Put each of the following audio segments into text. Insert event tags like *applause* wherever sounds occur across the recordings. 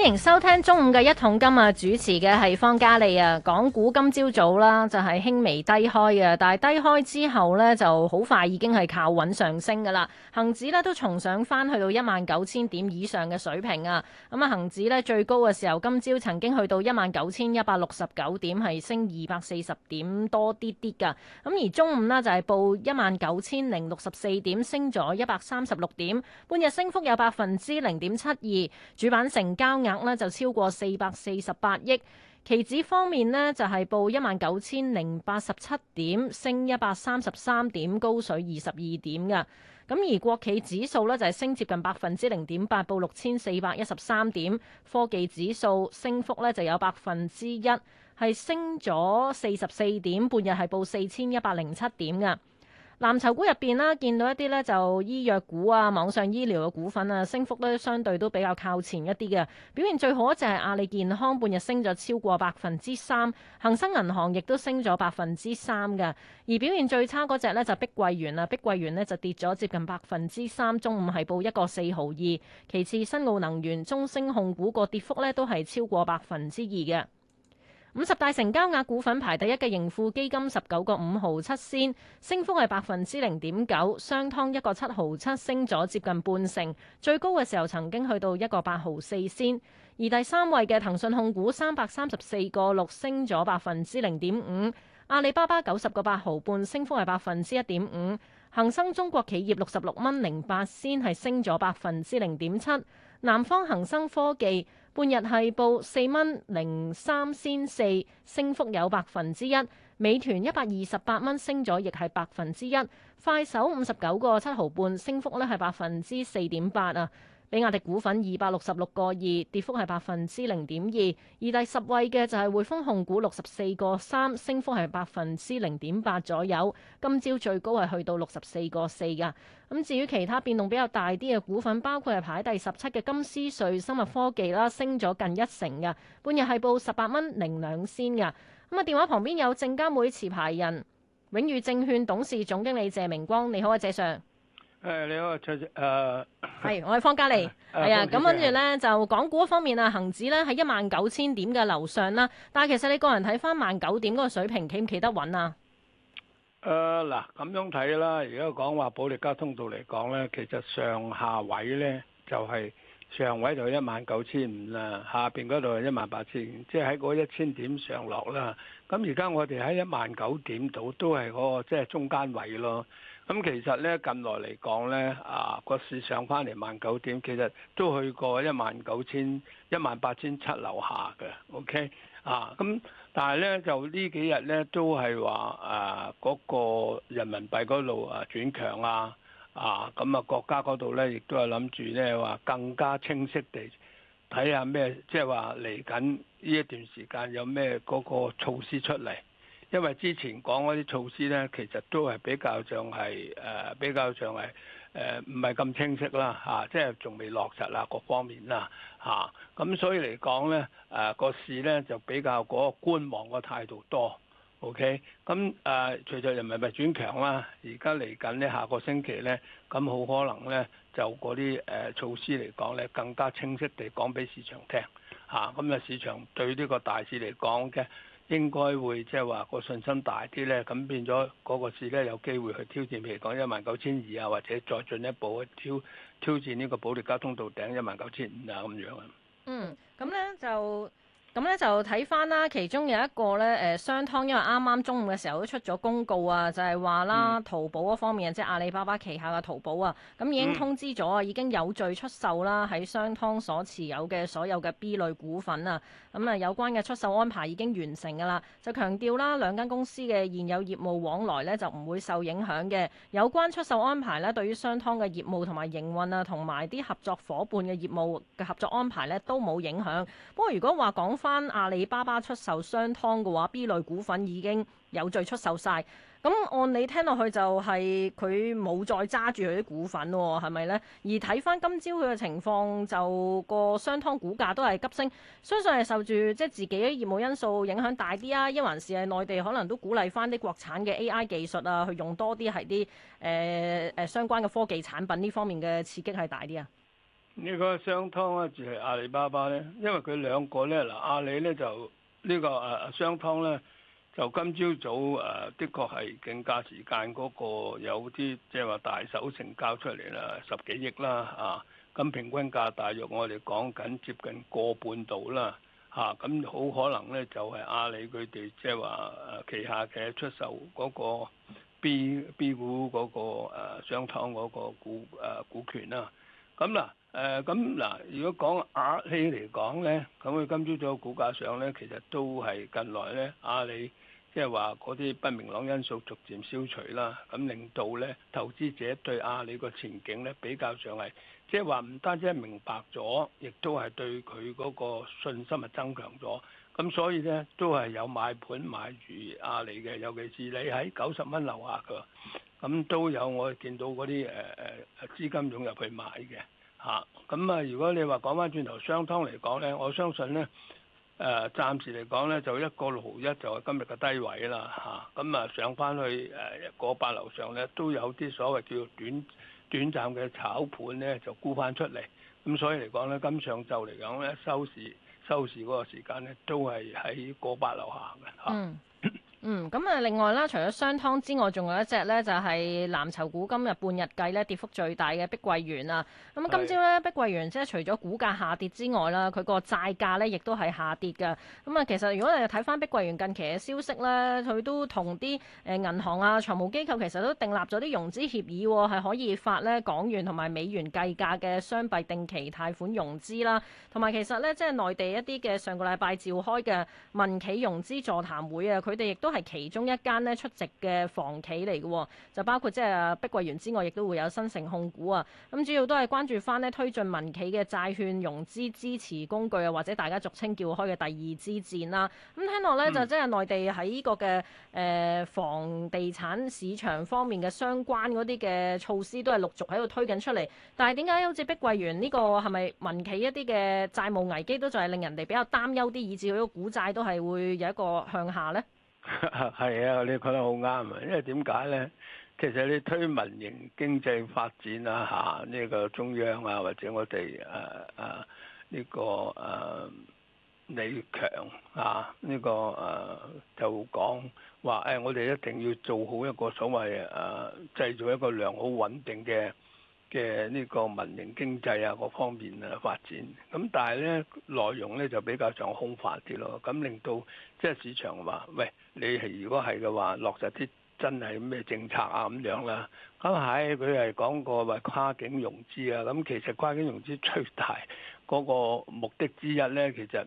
歡迎收聽中午嘅一桶金啊！主持嘅係方嘉利啊。港股今朝早啦，就係輕微低開嘅，但係低開之後呢，就好快已經係靠穩上升噶啦。恒指呢，都重上翻，去到一萬九千點以上嘅水平啊。咁啊，恒指呢，最高嘅時候，今朝曾經去到一萬九千一百六十九點，係升二百四十點多啲啲噶。咁而中午呢，就係報一萬九千零六十四點，升咗一百三十六點，半日升幅有百分之零點七二，主板成交。額呢就超過四百四十八億，期指方面呢，就係報一萬九千零八十七點，升一百三十三點，高水二十二點㗎。咁而國企指數呢，就係升接近百分之零點八，報六千四百一十三點。科技指數升幅呢，就有百分之一，係升咗四十四點，半日係報四千一百零七點㗎。藍籌股入邊啦，見到一啲咧就醫藥股啊，網上醫療嘅股份啊，升幅咧相對都比較靠前一啲嘅。表現最好一隻係阿里健康，半日升咗超過百分之三。恒生銀行亦都升咗百分之三㗎。而表現最差嗰隻咧就碧桂園啦，碧桂園咧就跌咗接近百分之三，中午係報一個四毫二。其次新奧能源、中升控股個跌幅咧都係超過百分之二嘅。五十大成交額股份排第一嘅盈富基金十九個五毫七仙，升幅係百分之零點九，商湯一個七毫七，升咗接近半成，最高嘅時候曾經去到一個八毫四仙。而第三位嘅騰訊控股三百三十四個六，升咗百分之零點五，阿里巴巴九十個八毫半，升幅係百分之一點五。恒生中國企業六十六蚊零八先係升咗百分之零點七，南方恒生科技半日係報四蚊零三先四，升幅有百分之一。美團一百二十八蚊升咗，亦係百分之一。快手五十九個七毫半，升幅咧係百分之四點八啊。比亞迪股份二百六十六個二，跌幅係百分之零點二。而第十位嘅就係匯豐控股六十四個三，升幅係百分之零點八左右。今朝最高係去到六十四個四噶。咁至於其他變動比較大啲嘅股份，包括係排第十七嘅金斯瑞生物科技啦，升咗近一成噶，半日係報十八蚊零兩仙噶。咁啊，電話旁邊有證監會持牌人永裕證券董事總經理謝明光，你好啊，謝 Sir。誒，你好，蔡、啊、誒，係，我係方嘉利，係啊，咁跟住咧就港股方面啊，恒指咧喺一萬九千點嘅樓上啦，但係其實你個人睇翻萬九點嗰個水平，企唔企得穩啊？誒、呃，嗱，咁樣睇啦，如果講話保力加通道嚟講咧，其實上下位咧就係、是、上位 19, 500, 18, 000，就一萬九千五啦，下邊嗰度一萬八千，即係喺嗰一千點上落啦。咁而家我哋喺一萬九點度，都係嗰、那個即係、就是、中間位咯。咁其實咧近來嚟講咧，啊個市上翻嚟萬九點，其實都去過一萬九千、一萬八千七樓下嘅，OK 啊，咁但係咧就呢幾日咧都係話啊嗰個人民幣嗰度啊轉強啊，啊咁啊國家嗰度咧亦都係諗住咧話更加清晰地睇下咩，即係話嚟緊呢一段時間有咩嗰個措施出嚟。因為之前講嗰啲措施呢，其實都係比較像係誒、呃、比較像係誒唔係咁清晰啦嚇、啊，即係仲未落實啦各方面啦嚇，咁、啊、所以嚟講呢，誒、啊、個市呢就比較嗰個觀望個態度多，OK，咁啊隨着人民幣轉強啦，而家嚟緊呢下個星期呢，咁好可能呢就嗰啲誒措施嚟講呢，更加清晰地講俾市場聽嚇，咁啊市場對呢個大市嚟講嘅。應該會即係話個信心大啲呢，咁變咗嗰個市呢，有機會去挑戰，譬如講一萬九千二啊，或者再進一步去挑挑戰呢個保力加通道頂一萬九千五啊咁樣啊。嗯，咁呢就。咁咧就睇翻啦，其中有一個咧，誒、呃、商湯，因為啱啱中午嘅時候都出咗公告啊，就係、是、話啦，嗯、淘寶嗰方面即係阿里巴巴旗下嘅淘寶啊，咁已經通知咗、啊，已經有序出售啦，喺商湯所持有嘅所有嘅 B 類股份啊，咁啊有關嘅出售安排已經完成噶啦，就強調啦，兩間公司嘅現有業務往來咧就唔會受影響嘅，有關出售安排呢，對於商湯嘅業務同埋營運啊，同埋啲合作伙伴嘅業務嘅合作安排呢，都冇影響。不過如果話講翻，翻阿里巴巴出售商湯嘅話，B 類股份已經有序出售晒，咁按你聽落去就係佢冇再揸住佢啲股份喎，哦，係咪咧？而睇翻今朝佢嘅情況，就個商湯股價都係急升，相信係受住即係自己業務因素影響大啲啊，抑還是係內地可能都鼓勵翻啲國產嘅 AI 技術啊，去用多啲係啲誒誒相關嘅科技產品呢方面嘅刺激係大啲啊。呢個商湯咧就係阿里巴巴咧，因為佢兩個咧嗱，阿里咧就、這個啊、呢個誒商湯咧，就今朝早誒、啊、的確係競價時間嗰、那個有啲即係話大手成交出嚟啦，十幾億啦啊，咁平均價大約我哋講緊接近個半度啦嚇，咁、啊、好可能咧就係、是、阿里佢哋即係話誒旗下嘅出售嗰個 B B 股嗰、那個商湯嗰個股誒、啊、股權啦、啊，咁嗱、啊。誒咁嗱，如果講阿里嚟講呢，咁佢今朝早股價上呢，其實都係近來呢阿里即係話嗰啲不明朗因素逐漸消除啦，咁令到呢投資者對阿里個前景呢比較上係即係話唔單止係明白咗，亦都係對佢嗰個信心係增強咗。咁所以呢，都係有買盤買住阿里嘅，尤其是你喺九十蚊樓下㗎，咁都有我見到嗰啲誒誒資金湧入去買嘅。嚇，咁啊，如果你話講翻轉頭雙湯嚟講呢，我相信呢，誒、呃，暫時嚟講呢，就一個六毫一就係今日嘅低位啦，嚇、啊，咁啊，啊，上翻去誒一個八樓上呢，都有啲所謂叫短短暫嘅炒盤呢，就沽翻出嚟，咁、啊、所以嚟講呢，今上晝嚟講呢，收市收市嗰個時間呢，都係喺個八樓下。嘅、啊，嚇、嗯。嗯，咁啊，另外啦，除咗商湯之外，仲有一隻咧，就係、是、藍籌股今日半日計咧跌幅最大嘅碧桂園啊。咁啊，今朝咧是碧桂園即係除咗股價下跌之外啦，佢個債價咧亦都係下跌嘅。咁啊，其實如果你睇翻碧桂園近期嘅消息咧，佢都同啲誒銀行啊、財務機構其實都訂立咗啲融資協議、啊，係可以發咧港元同埋美元計價嘅雙幣定期貸款融資啦。同埋其實咧，即係內地一啲嘅上個禮拜召開嘅民企融資座談會啊，佢哋亦都。都係其中一間咧出席嘅房企嚟嘅。哦，就包括即係碧桂園之外，亦都會有新城控股啊。咁主要都係關注翻呢，推進民企嘅債券融資支持工具啊，或者大家俗稱叫開嘅第二支戰啦、啊。咁聽落咧、嗯、就即係內地喺呢個嘅誒、呃、房地產市場方面嘅相關嗰啲嘅措施，都係陸續喺度推緊出嚟。但係點解好似碧桂園呢個係咪民企一啲嘅債務危機，都就係令人哋比較擔憂啲，以至佢個股債都係會有一個向下咧？係 *laughs* 啊，你覺得好啱啊！因為點解呢？其實你推民營經濟發展啊，吓、啊、呢、這個中央啊，或者我哋誒誒呢個誒李強啊，呢、啊這個誒、啊啊這個啊、就講話誒，我哋一定要做好一個所謂誒製造一個良好穩定嘅。嘅呢個民營經濟啊，各方面啊發展，咁但係呢內容呢就比較上空泛啲咯，咁令到即係市場話：喂，你係如果係嘅話，落實啲真係咩政策啊咁樣啦。咁係佢係講過話跨境融資啊，咁其實跨境融資最大嗰個目的之一呢，其實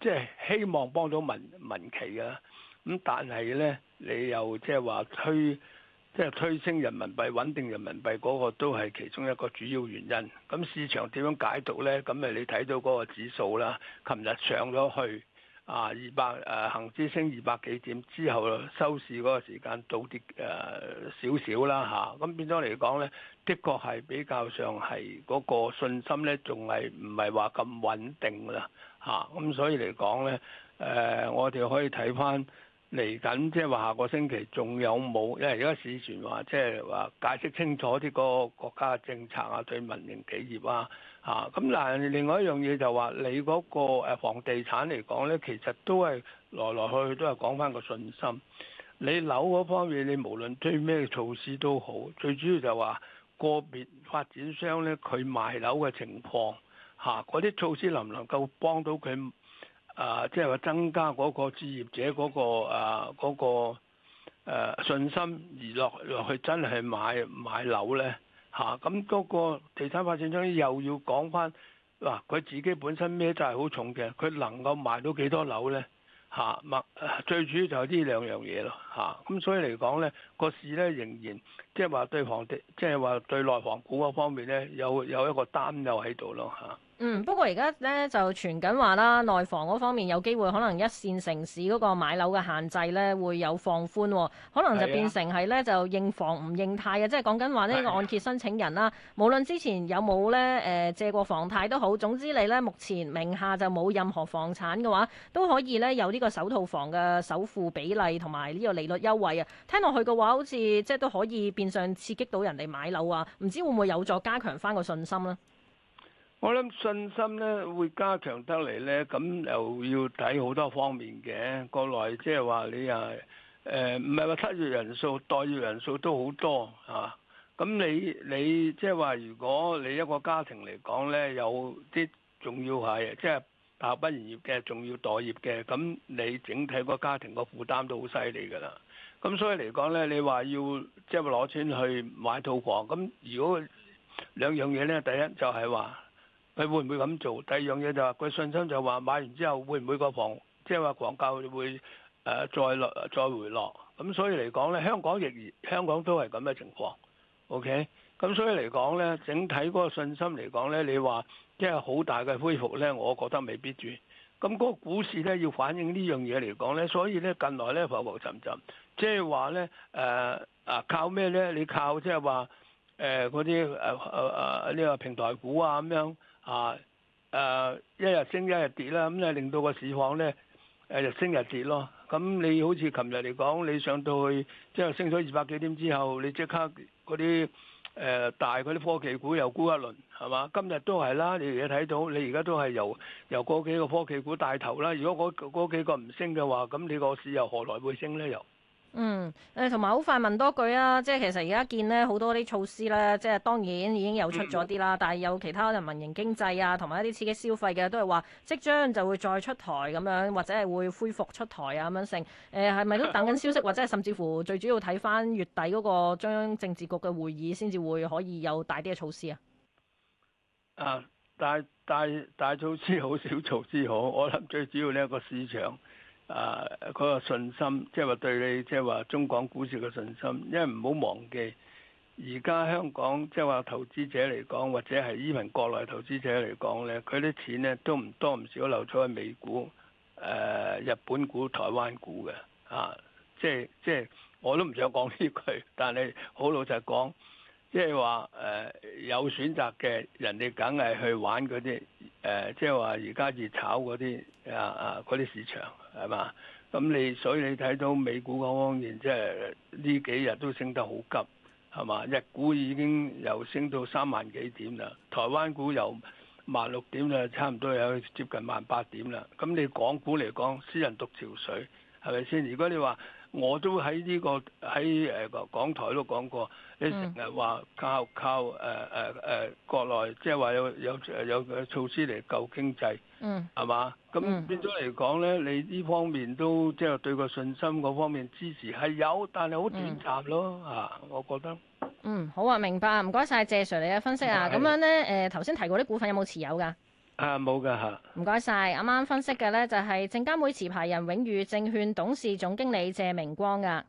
即係希望幫到民民企嘅啊。咁但係呢，你又即係話推。即係推升人民幣、穩定人民幣嗰個都係其中一個主要原因。咁市場點樣解讀呢？咁咪你睇到嗰個指數啦，琴日上咗去啊二百誒，恆指升二百幾點之後收市嗰個時間倒跌、呃、少少啦嚇。咁、啊、變咗嚟講呢，的確係比較上係嗰個信心呢，仲係唔係話咁穩定啦嚇？咁、啊、所以嚟講呢，誒、呃、我哋可以睇翻。嚟緊即係話下個星期仲有冇？因為而家市傳話即係話解釋清楚啲個國家政策啊，對民營企業啊，嚇咁難。另外一樣嘢就話你嗰個房地產嚟講呢，其實都係來來去去都係講返個信心。你樓嗰方面，你無論推咩措施都好，最主要就話個別發展商呢，佢賣樓嘅情況嚇，嗰啲措施能唔能夠幫到佢？啊，即係話增加嗰個置業者嗰、嗰個啊，呃嗰個誒、呃、信心而落落去真係買買樓咧，吓，咁嗰個地產發展商又要講翻，嗱佢自己本身孭債好重嘅，佢能夠賣到幾多樓咧，吓、啊、咁最主要就係呢兩樣嘢咯，吓、啊、咁所以嚟講咧個市咧仍然即係話對房地即係話對內房股嗰方面咧有有一個擔憂喺度咯，吓、啊。嗯，不過而家咧就傳緊話啦，內房嗰方面有機會可能一線城市嗰個買樓嘅限制咧會有放寬，哦，可能就變成係咧就認房唔認貸啊，即係講緊話呢個按揭申請人啦，的無論之前有冇咧誒借過房貸都好，總之你咧目前名下就冇任何房產嘅話，都可以咧有呢個首套房嘅首付比例同埋呢個利率優惠啊。聽落去嘅話，好似即係都可以變相刺激到人哋買樓啊，唔知會唔會有助加強翻個信心呢？我諗信心咧會加強得嚟咧，咁又要睇好多方面嘅。國內即係話你、呃、啊，誒唔係話失業人數，待業人數都好多啊。咁你你即係話，如果你一個家庭嚟講咧，有啲仲要係即係大學畢業嘅，仲要待業嘅，咁你整體個家庭個負擔都好犀利噶啦。咁所以嚟講咧，你話要即係攞錢去買套房，咁如果兩樣嘢咧，第一就係話。佢會唔會咁做？第二樣嘢就係佢信心就，就係話買完之後會唔會個房，即係話房價會誒、呃、再落再回落？咁所以嚟講咧，香港亦香港都係咁嘅情況。OK，咁所以嚟講咧，整體嗰個信心嚟講咧，你話即係好大嘅恢復咧，我覺得未必住。咁嗰個股市咧要反映樣呢樣嘢嚟講咧，所以咧近來咧浮浮沉沉，即係話咧誒啊靠咩咧？你靠即係話誒嗰啲誒誒誒呢個平台股啊咁樣。啊，誒、uh, 一,一,一日升一日跌啦，咁誒令到個市況咧誒日升日跌咯。咁你好似琴日嚟講，你上到去即係升咗二百幾點之後，你即刻嗰啲誒大嗰啲科技股又沽一輪，係嘛？今日都係啦，你而家睇到，你而家都係由由嗰幾個科技股帶頭啦。如果嗰嗰幾個唔升嘅話，咁你個市又何來會升咧？又？嗯，誒同埋好快問多句啊，即係其實而家見呢好多啲措施咧，即係當然已經有出咗啲啦，但係有其他人民營經濟啊，同埋一啲刺激消費嘅都係話，即將就會再出台咁樣，或者係會恢復出台啊咁樣成。誒係咪都等緊消息，或者係甚至乎最主要睇翻月底嗰個中央政治局嘅會議，先至會可以有大啲嘅措施啊？啊，大大大措施好，小措施好，我諗最主要呢一個市場。啊！嗰個信心，即係話對你，即係話中港股市嘅信心，因為唔好忘記，而家香港即係話投資者嚟講，或者係依份國內投資者嚟講呢，佢啲錢呢，都唔多唔少流咗去美股、誒、呃、日本股、台灣股嘅啊！即係即係，我都唔想講呢句，但係好老實講。即係話誒有選擇嘅人哋，梗係去玩嗰啲誒，即係話而家熱炒嗰啲啊啊啲市場係嘛？咁你所以你睇到美股嗰方面，即係呢幾日都升得好急係嘛？日股已經又升到三萬幾點啦，台灣股又萬六點啦，差唔多有接近萬八點啦。咁你港股嚟講，私人獨潮水係咪先？如果你話，我都喺呢個喺誒個港台都講過，你成日話靠靠誒誒誒國內，即係話有有有措施嚟救經濟，嗯，係嘛？咁變咗嚟講咧，你呢方面都即係對個信心嗰方面支持係有，但係好短暫咯嚇，嗯、我覺得。嗯，好啊，明白，唔該晒，謝 Sir 你嘅分析啊，咁樣咧誒，頭先提過啲股份有冇持有㗎？啊，冇噶吓，唔該晒。啱啱分析嘅呢，就係證監會持牌人永譽證券董事總經理謝明光噶。